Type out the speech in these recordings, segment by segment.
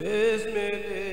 Bismillah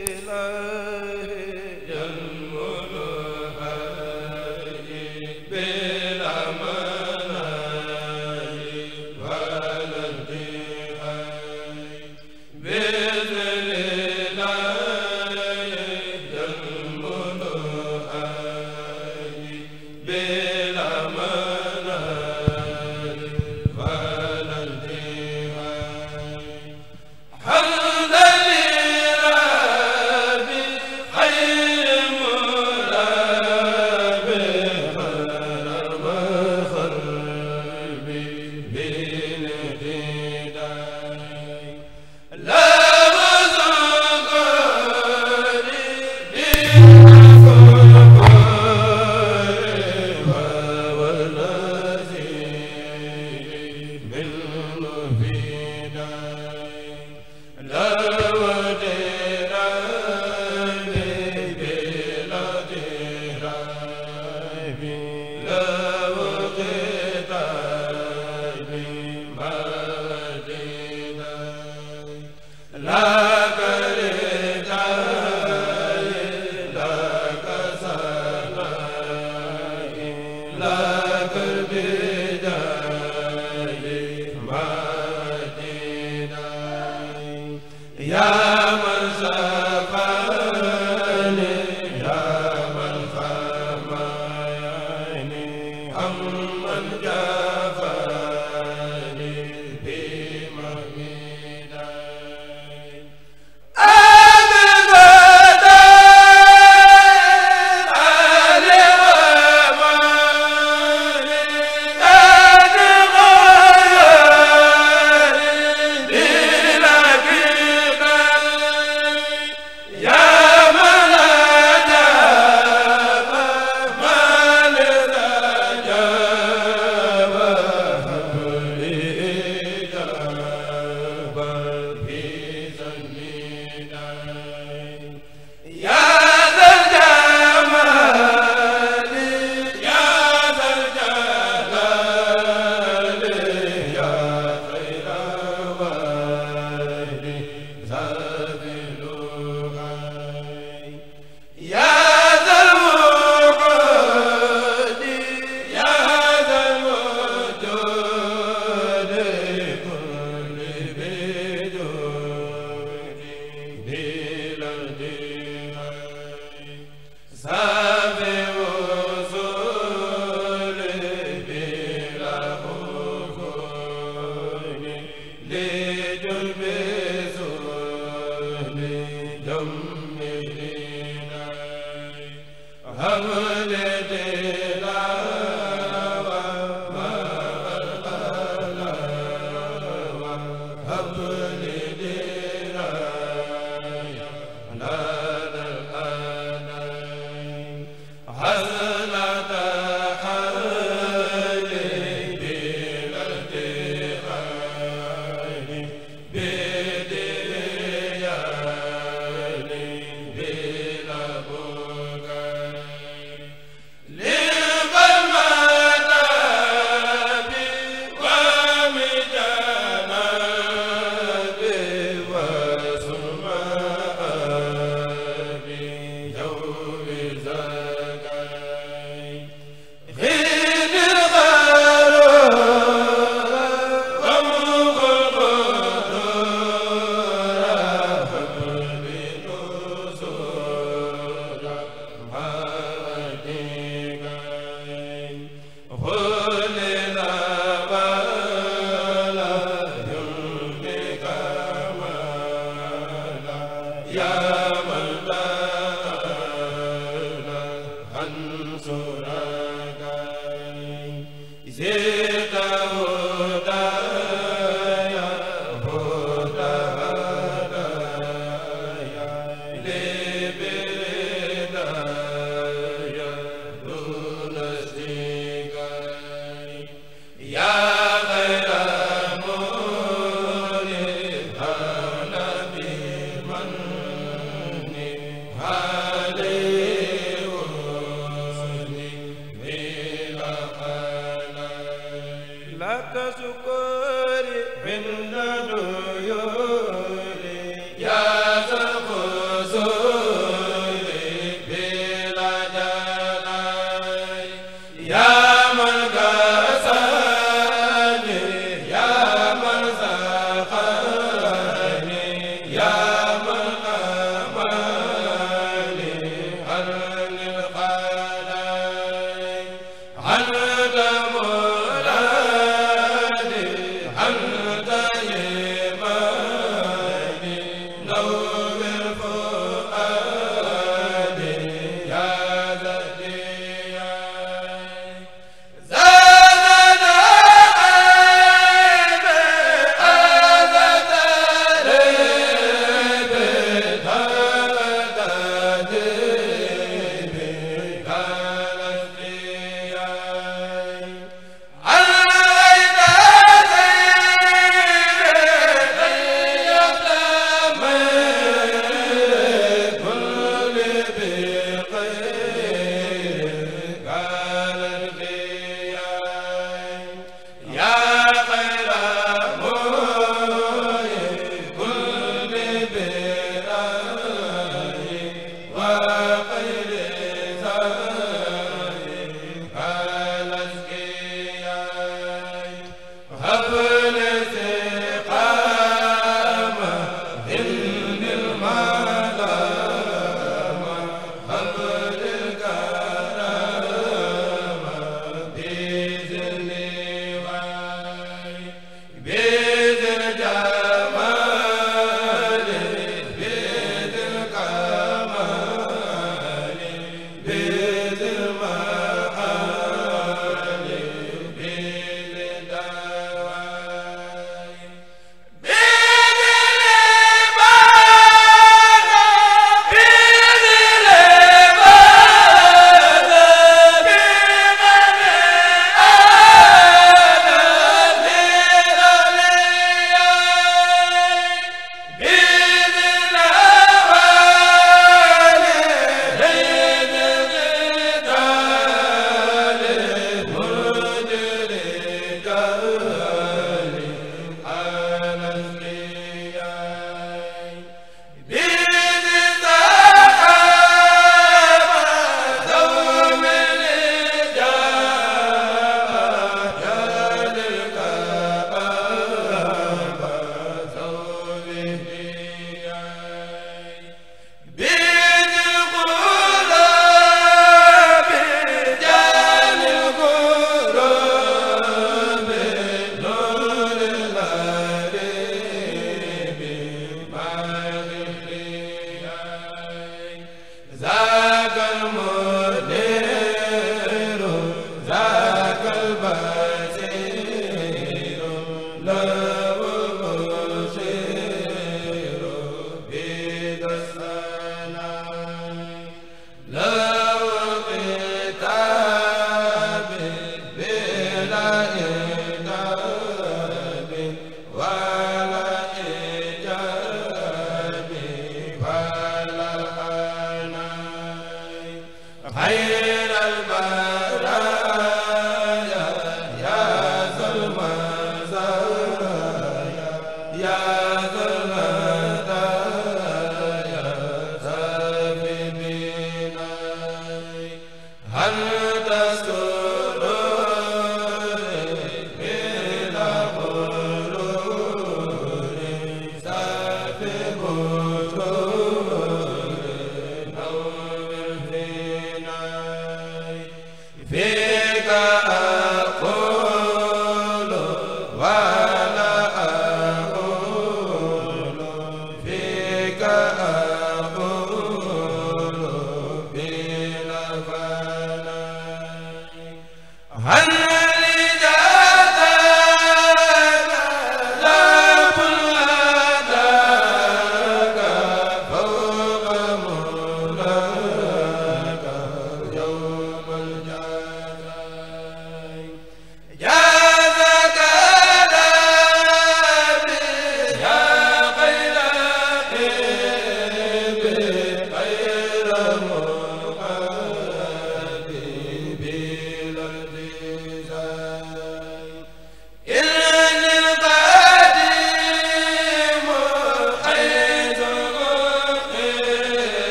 sa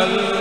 al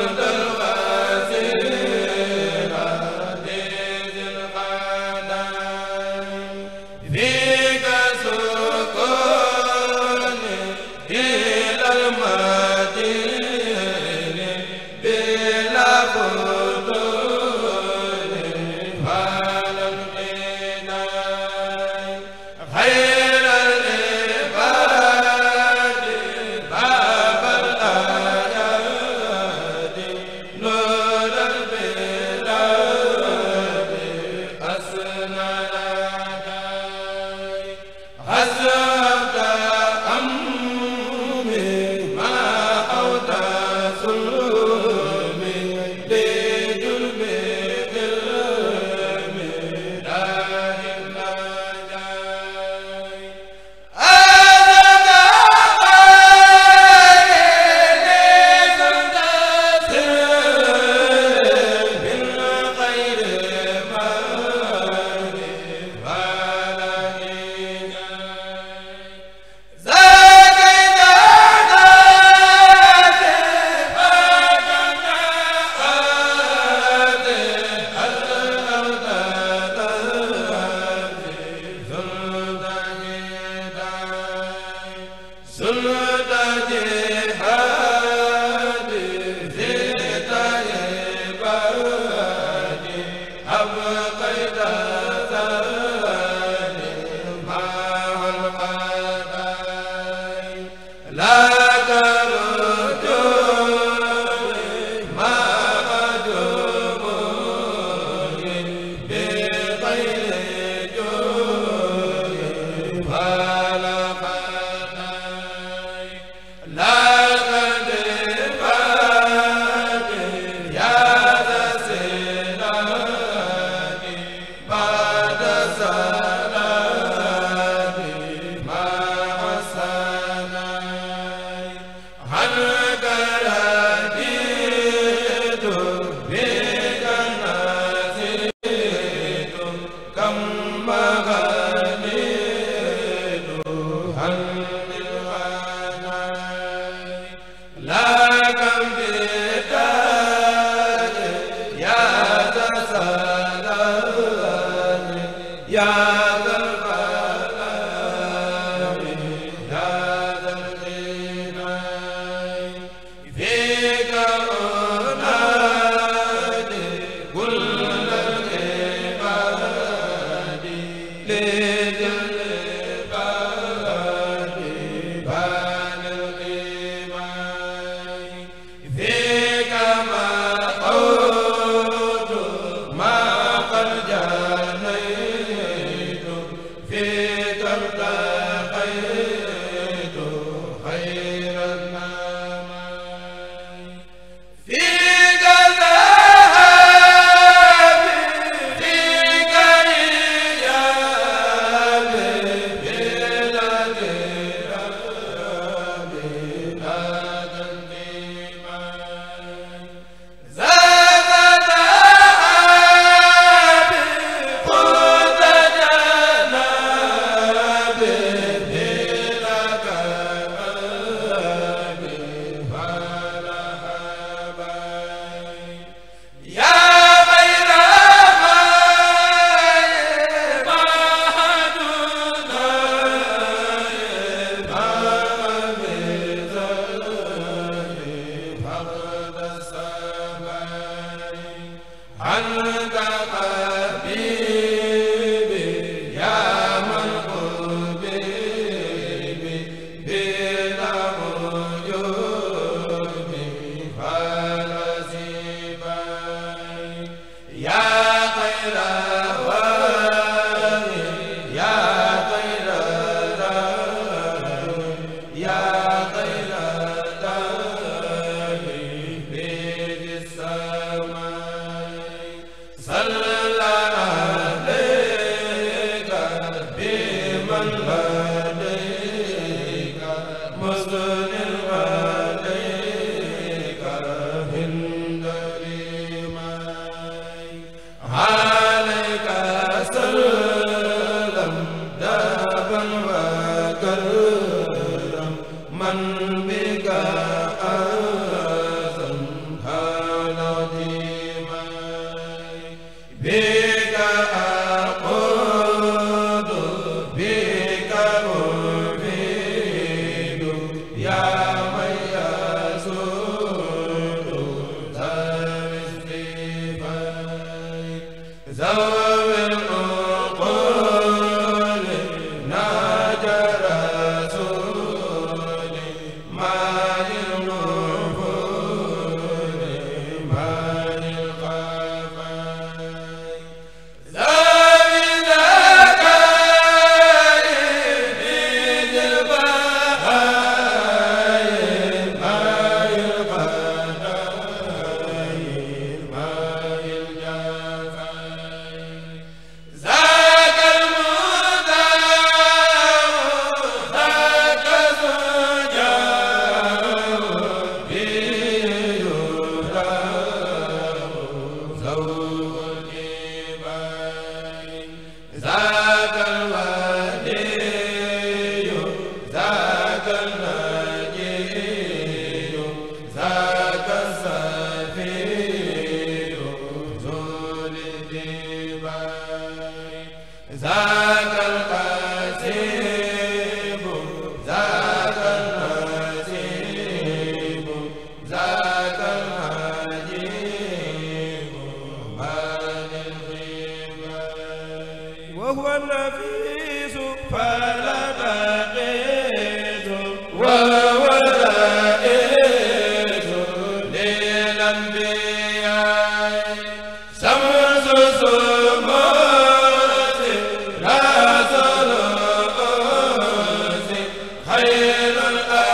al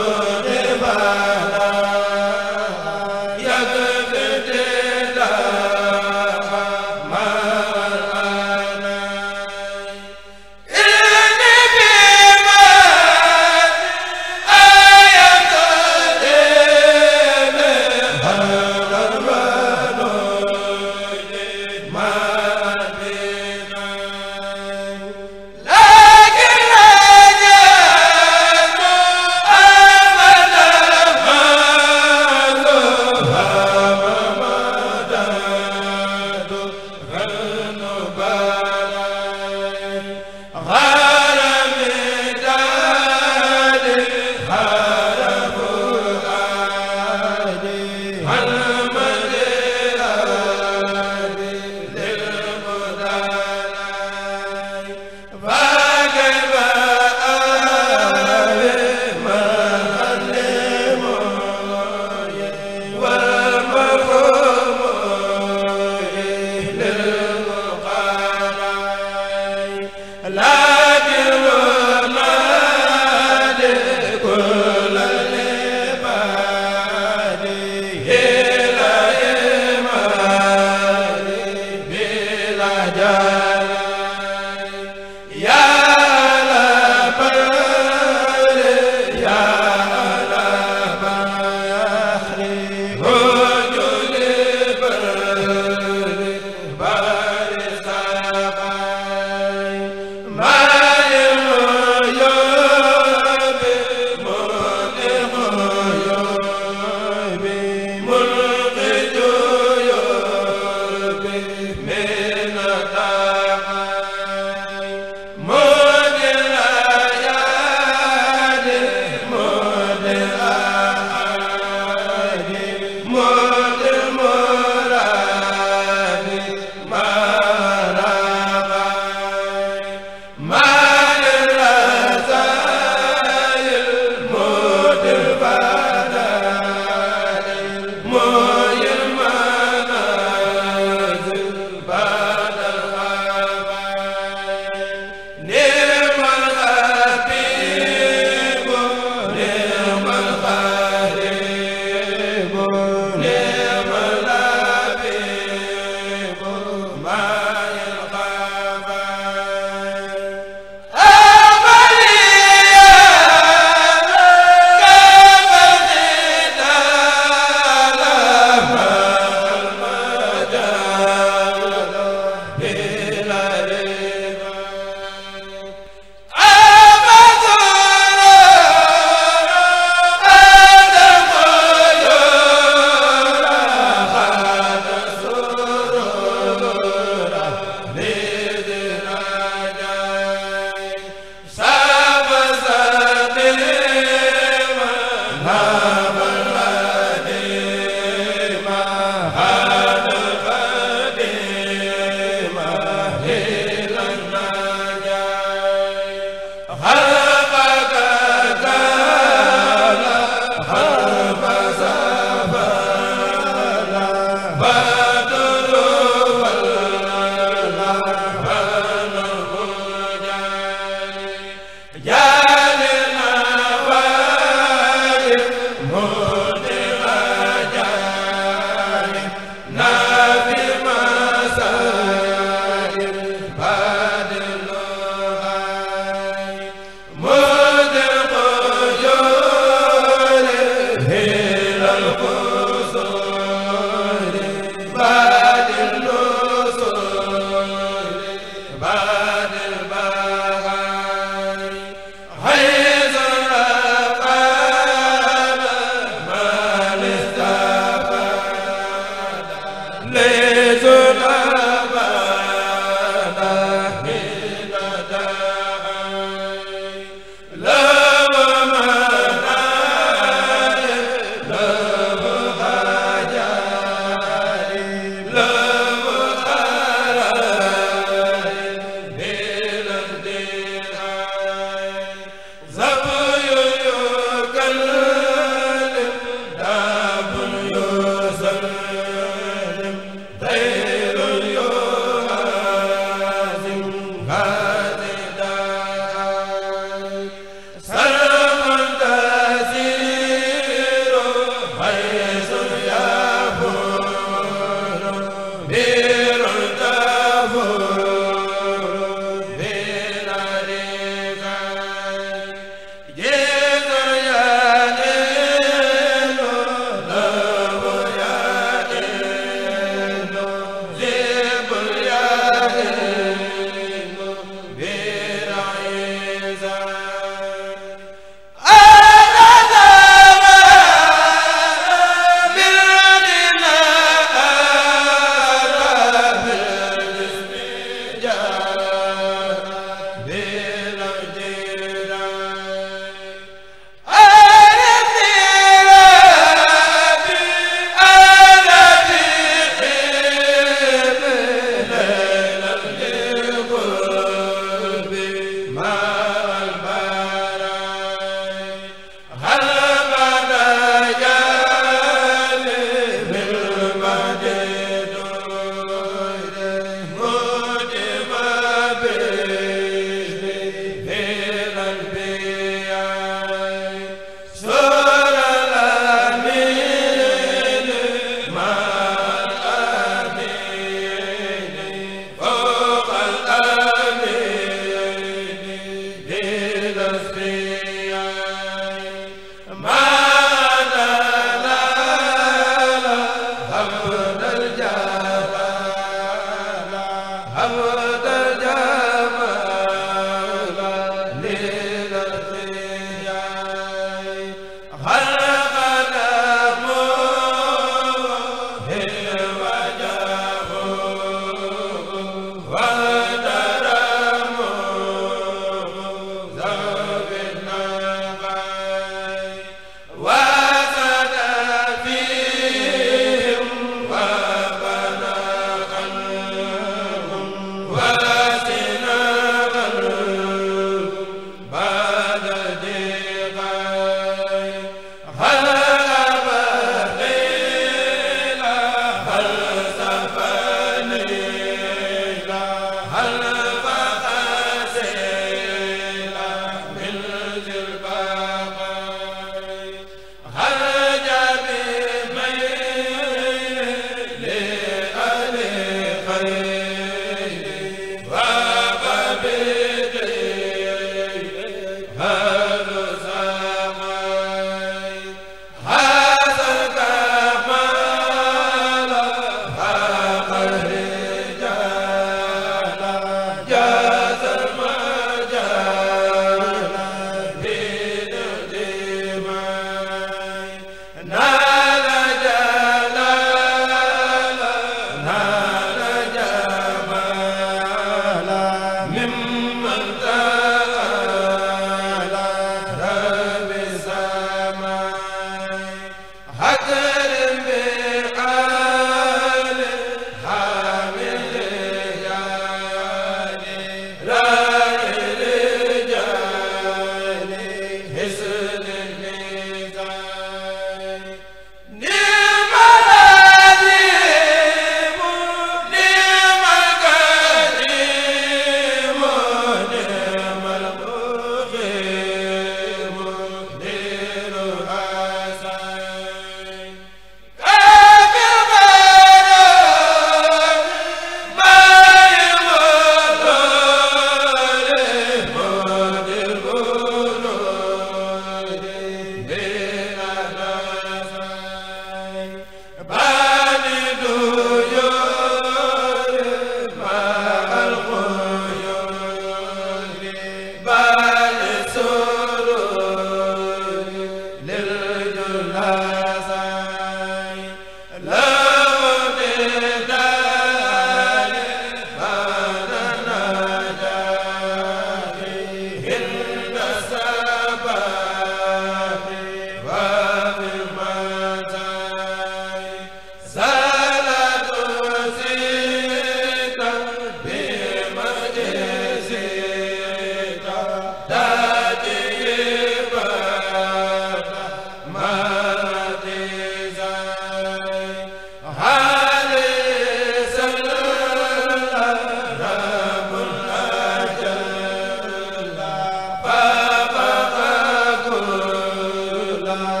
la